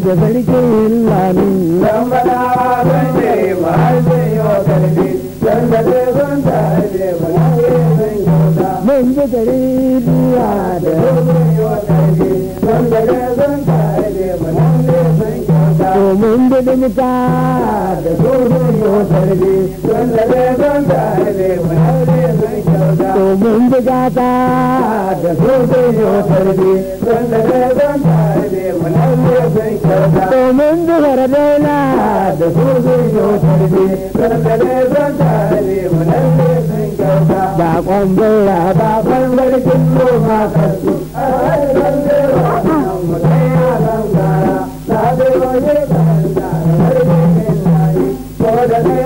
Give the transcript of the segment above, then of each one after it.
da sarkin lami. Don bada ban ce ba har sai yau karfi, don da zai son ta aje ba na kyauta. Mun ji gari biya da rukun yau karfi, don da zai son ta aje ba na kyauta. Domin bidin ta da rukun yau karfi, don da zai son ta aje ba na domin bugata da zobe yau tarbe wanda da zan tarbe mulalle zan kyauta domin zuwar daula da zobe yau tarbe wanda da zan tarbe mulalle zan kyauta ba kwambura ba ban barkin ma kasu a haifar da yau mutai yaran gara na zai waje ba da tarbe mai tsari ko da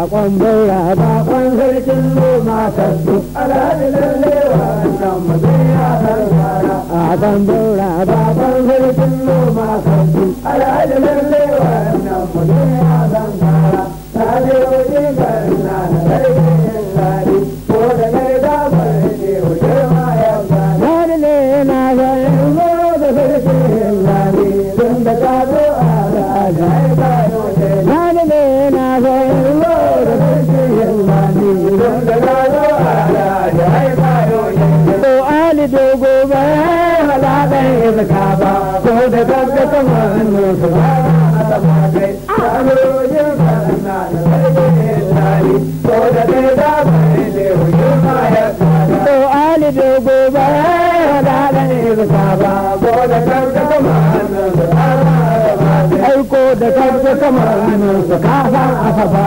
bakon baya bakon sarkin noma sabbi alhaji lallewa nan mutum ya san fara bakon baya bakon sarkin noma sabbi alhaji lallewa nan mutum da gobe wala dan iska ba ko da gagga kuma hannu su ba na taba kai amurojin sanna da sarki tari ko da dai da bai da hujjin ma ya tsada to ali da gobe wala dan iska ba ko da gagga kuma hannu su ba na taba kai aiko da gagga kuma hannu su ka ba a fafa